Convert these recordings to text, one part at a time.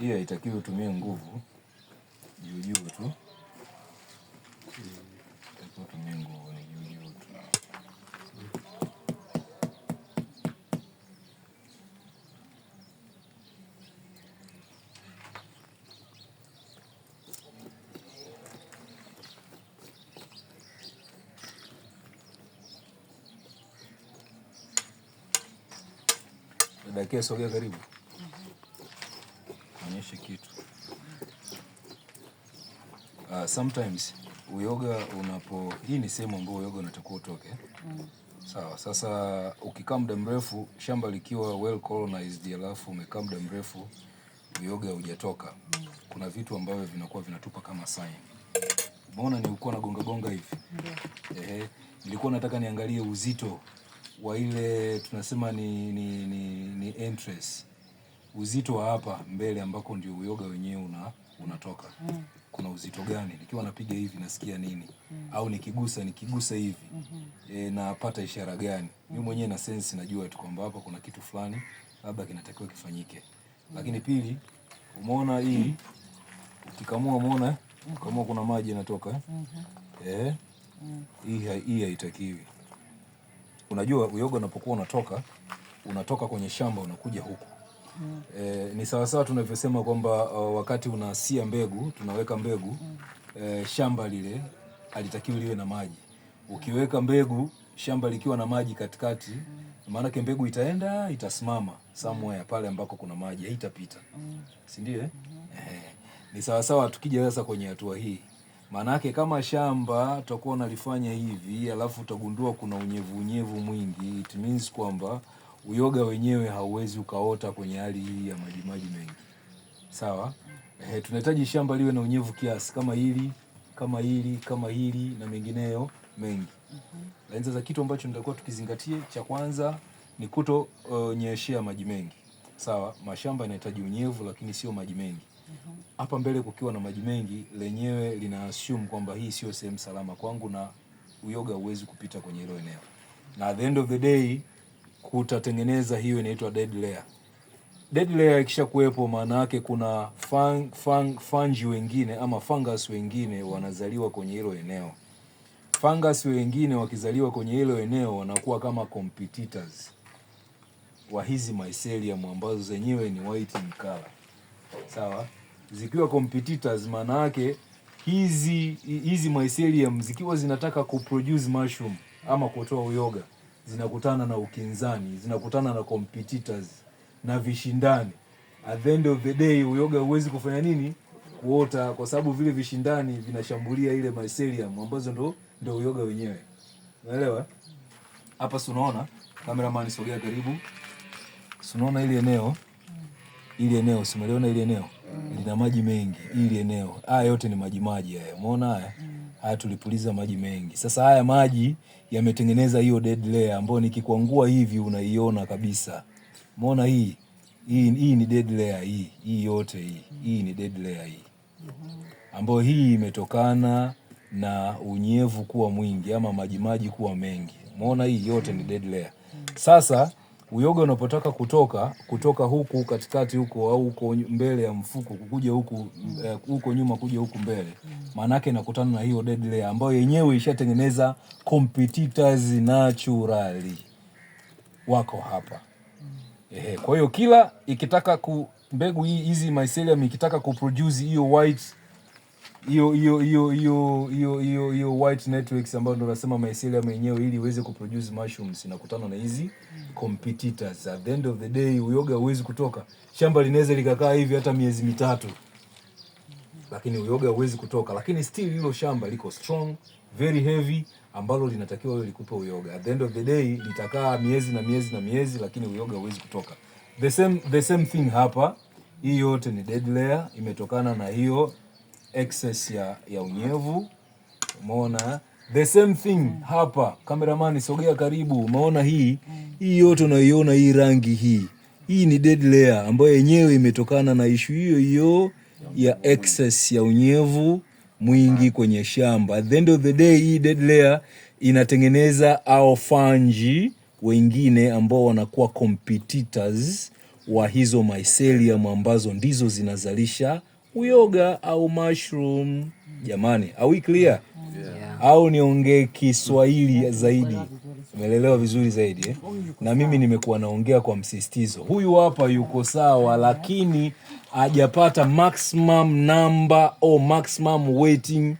hiyo haitakiwi utumie nguvu juu juu tu, haitakiwi utumie nguvu, ni juu juu tu. Dakia, sogea karibu usichafushe kitu. Uh, sometimes uyoga unapo, hii ni sehemu ambayo uyoga unatakiwa utoke mm. Sawa. Sasa ukikaa muda mrefu, shamba likiwa well colonized, alafu umekaa muda mrefu uyoga hujatoka, kuna vitu ambavyo vinakuwa vinatupa kama sign. Umeona nilikuwa na gonga gonga hivi mm. Ehe, nilikuwa nataka niangalie uzito wa ile tunasema ni, ni, ni, ni entrance uzito wa hapa mbele ambako ndio uyoga wenyewe una, unatoka mm. kuna uzito gani? Nikiwa napiga hivi nasikia nini? mm. au nikigusa nikigusa hivi mm -hmm. e, napata ishara gani? mm. mimi mwenyewe na sensi najua tu kwamba hapa kuna kitu fulani labda kinatakiwa kifanyike. mm. Lakini pili, umeona hii ukikamua, umeona kama kuna maji yanatoka. mm -hmm. eh, mm. hii hii haitakiwi. Unajua uyoga unapokuwa unatoka unatoka kwenye shamba unakuja huku mm. E, ni sawasawa tunavyosema kwamba uh, wakati unasia mbegu tunaweka mbegu mm. E, shamba lile alitakiwa liwe na maji. Ukiweka mbegu shamba likiwa na maji katikati, maanake mbegu itaenda itasimama somewhere pale ambako kuna maji, haitapita mm. si ndio? Eh, eh ni sawasawa. Tukija sasa kwenye hatua hii, maanake kama shamba tutakuwa unalifanya hivi alafu utagundua kuna unyevu unyevu mwingi, it means kwamba uyoga wenyewe hauwezi ukaota kwenye hali hii ya majimaji mengi, sawa. Eh, tunahitaji shamba liwe na unyevu kiasi kama hili kama hili kama hili na mengineyo mengi. mm Lakini sasa kitu ambacho nitakuwa tukizingatie cha kwanza ni kuto uh, nyeshea maji mengi, sawa. Mashamba yanahitaji unyevu lakini sio maji mengi. Mhm. Hapa mm -hmm. mbele kukiwa na maji mengi, lenyewe lina assume kwamba hii sio sehemu salama kwangu na uyoga huwezi kupita kwenye hilo eneo, na at the end of the day kutatengeneza hiyo inaitwa dead layer. Dead layer ikisha kuwepo, maana yake kuna fang, fang, fangi wengine ama fungus wengine wanazaliwa kwenye hilo eneo. Fungus wengine wakizaliwa kwenye hilo eneo wanakuwa kama competitors wa hizi mycelium ambazo zenyewe ni white in color. Sawa? Zikiwa competitors, maana yake hizi hizi mycelium zikiwa zinataka kuproduce mushroom ama kutoa uyoga zinakutana na ukinzani, zinakutana na competitors na vishindani. At the end of the day, uyoga huwezi kufanya nini? Kuota, kwa sababu vile vishindani vinashambulia ile mycelium ambazo ndo ndo uyoga wenyewe. Unaelewa? Hapa si unaona? Cameraman, sogea karibu. Si unaona ile eneo? Ile eneo, si ili ile eneo? Lina maji mengi, ile eneo. Haya yote ni maji maji haya. Umeona haya? haya tulipuliza maji mengi. Sasa haya maji yametengeneza hiyo dead layer ambayo nikikwangua hivi unaiona kabisa. Umeona hii? Hii hii ni dead layer hii. Hii yote hii. Hii ni dead layer hii. Ambayo hii imetokana na unyevu kuwa mwingi ama maji maji kuwa mengi. Umeona hii yote ni dead layer. Sasa uyoga unapotaka kutoka kutoka huku katikati huko au huko mbele ya mfuko kuja huku eh, huko nyuma kuja huku mbele, maana yake inakutana na hiyo dead layer ambayo yenyewe ishatengeneza competitors naturally wako hapa. Ehe, kwa hiyo kila ikitaka ku mbegu hii hizi mycelium ikitaka kuproduce hiyo white hiyo white networks ambayo ndo nasema mycelia mwenyewe ili iweze kuproduce mushrooms inakutana na hizi competitors. At the end of the day, uyoga huwezi kutoka shamba, linaweza likakaa hivi hata miezi mitatu, lakini uyoga huwezi kutoka, lakini still hilo shamba liko strong very heavy, ambalo linatakiwa wewe likupe uyoga. At the end of the day, litakaa miezi na miezi na miezi, lakini uyoga huwezi kutoka. The same the same thing hapa, hii yote ni dead layer, imetokana na hiyo excess ya, ya unyevu. Umeona the same thing hapa. cameraman, sogea karibu. Umeona hii hii yote unaiona hii rangi hii hii ni dead layer ambayo yenyewe imetokana na ishu hiyo hiyo ya excess ya unyevu mwingi kwenye shamba. At the end of the day, hii dead layer inatengeneza au fungi wengine ambao wanakuwa competitors wa hizo mycelium ambazo ndizo zinazalisha uyoga au mushroom? Jamani, are we clear? Yeah. Au niongee Kiswahili zaidi? Umeelewa vizuri zaidi eh? Na mimi nimekuwa naongea kwa msisitizo. Huyu hapa yuko sawa, lakini hajapata maximum number au maximum waiting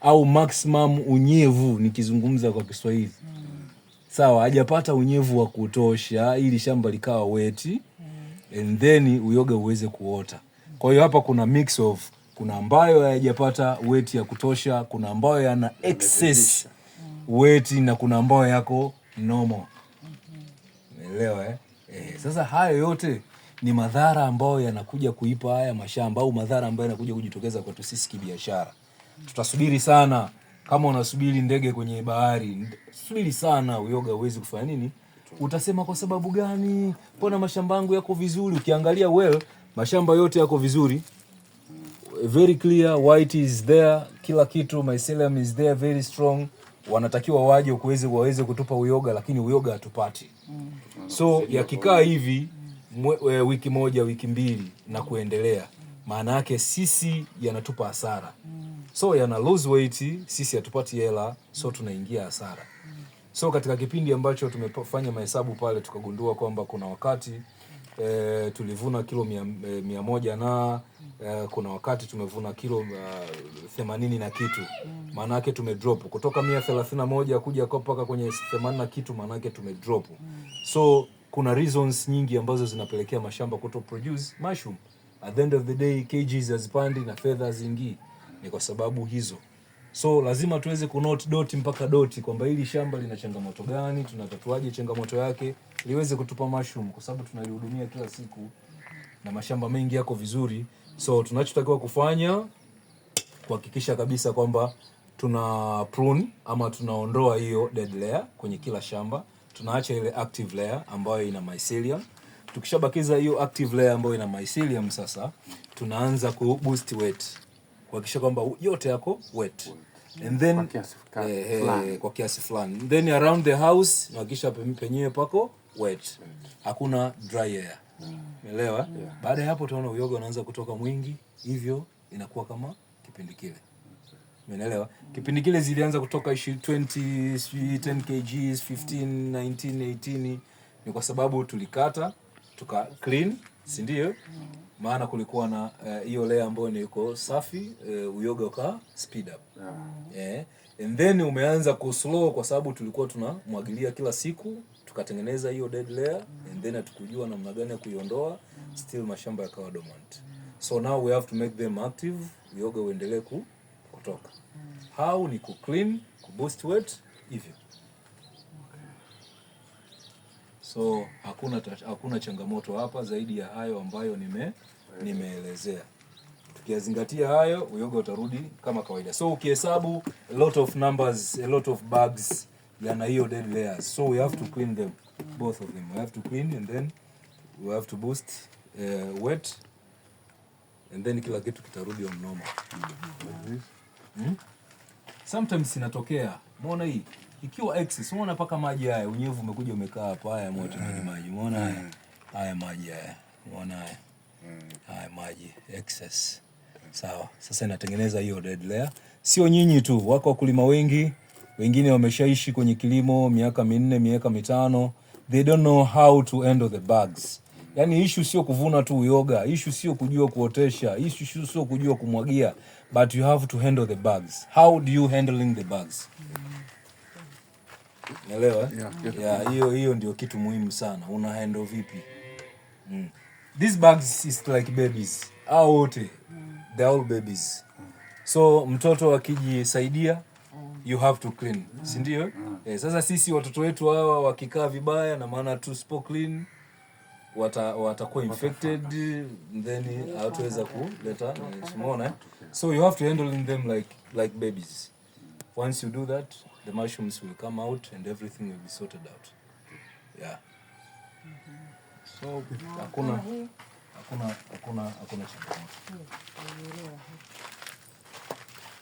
au maximum unyevu, nikizungumza kwa Kiswahili hmm. sawa, hajapata unyevu wa kutosha ili shamba likawa weti hmm. and then uyoga uweze kuota. Kwa hiyo hapa kuna mix of, kuna ambayo hayajapata weight ya kutosha, kuna ambayo yana excess mm. weight na kuna ambayo yako normal. Umeelewa eh? Eh, sasa hayo yote ni madhara ambayo yanakuja kuipa haya mashamba au madhara ambayo yanakuja kujitokeza kwetu sisi kibiashara. Tutasubiri sana kama unasubiri ndege kwenye bahari, subiri sana. Uyoga uwezi kufanya nini? Utasema kwa sababu gani? Mbona mashamba yangu yako vizuri? Ukiangalia well mashamba yote yako vizuri, very clear, white is there, kila kitu, mycelium is there very strong. Wanatakiwa waje kuweze waweze kutupa uyoga, lakini uyoga hatupati. So yakikaa hivi mwe, wiki moja wiki mbili na kuendelea, maana yake sisi yanatupa hasara, so yana lose weight, sisi hatupati hela, so tunaingia hasara. So katika kipindi ambacho tumefanya mahesabu pale, tukagundua kwamba kuna wakati e, tulivuna kilo mia, eh, mia moja na e, kuna wakati tumevuna kilo uh, themanini na kitu. Maana yake tumedrop kutoka mia thelathini na moja kuja mpaka kwenye themanini na kitu, maana yake tumedrop. So kuna reasons nyingi ambazo zinapelekea mashamba kuto produce mushroom. At the end of the day, kgs hazipandi na fedha haziingii, ni kwa sababu hizo. So lazima tuweze kunote doti mpaka doti kwamba hili shamba lina changamoto gani, tunatatuaje changamoto yake liweze kutupa mushroom, kwa sababu tunalihudumia kila siku na mashamba mengi yako vizuri. So tunachotakiwa kufanya kuhakikisha kabisa kwamba tuna prune ama tunaondoa hiyo dead layer kwenye kila shamba, tunaacha ile active layer ambayo ina mycelium. Tukishabakiza hiyo active layer ambayo ina mycelium, sasa tunaanza ku boost weight kuhakikisha kwamba yote yako wet and then kwa kiasi eh, eh, fulani then around the house nahakikisha penyewe pako wet, mm. hakuna dry air. Mm. Umeelewa? Yeah. Baada ya hapo utaona uyoga unaanza kutoka mwingi, hivyo inakuwa kama kipindi kile. Umeelewa? Kipindi kile zilianza kutoka 20, 10 kg, 15, 19, 18 ni kwa sababu tulikata tuka clean, si ndio? Maana kulikuwa na eh, hiyo uh, layer ambayo iko safi uh, uyoga uka speed up uh -huh. yeah. Eh, and then umeanza ku slow kwa sababu tulikuwa tunamwagilia kila siku tukatengeneza hiyo dead layer uh -huh. and then hatukujua namna gani ya kuiondoa, still mashamba yakawa dormant. So now we have to make them active, uyoga uendelee kutoka. How ni ku clean, ku boost weight hivyo. So hakuna, hakuna changamoto hapa zaidi ya hayo ambayo nime nimeelezea. Tukiyazingatia hayo, uyoga utarudi kama kawaida. So ukihesabu a lot of numbers, a lot of bugs yana hiyo dead layers. So we have to clean them, both of them. We have to clean and then we have to boost uh, eh, wet and then kila kitu kitarudi on normal. Mm -hmm. Sometimes inatokea. Muona hii ikiwa x unaona paka maji haya, unyevu umekuja umekaa hapa, haya moto ni mm. maji, umeona haya mm. haya maji haya, umeona haya mm. haya maji excess, sawa. Sasa inatengeneza hiyo dead layer. Sio nyinyi tu, wako wakulima wengi, wengine wameshaishi kwenye kilimo miaka minne, miaka mitano, they don't know how to handle the bugs. Yani issue sio kuvuna tu uyoga, issue sio kujua kuotesha, issue sio kujua kumwagia, but you have to handle the bugs. How do you handling the bugs? Unaelewa? Hiyo hiyo ndio kitu muhimu sana. Una handle vipi? Mm. These bags is like babies. Hao wote they all babies. So mtoto akijisaidia you have to clean. Si ndio? Eh, sasa sisi watoto wetu hawa wakikaa vibaya na maana spo clean wata watakuwa infected then hawataweza kuleta umeona? So you have to handle them like like babies. Once you do that the mushrooms will come out and everything will be sorted out. Yeah. Mm -hmm. So hakuna hakuna hakuna hakuna changamoto.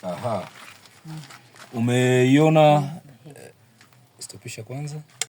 Aha. Umeiona? Eh, stopisha kwanza.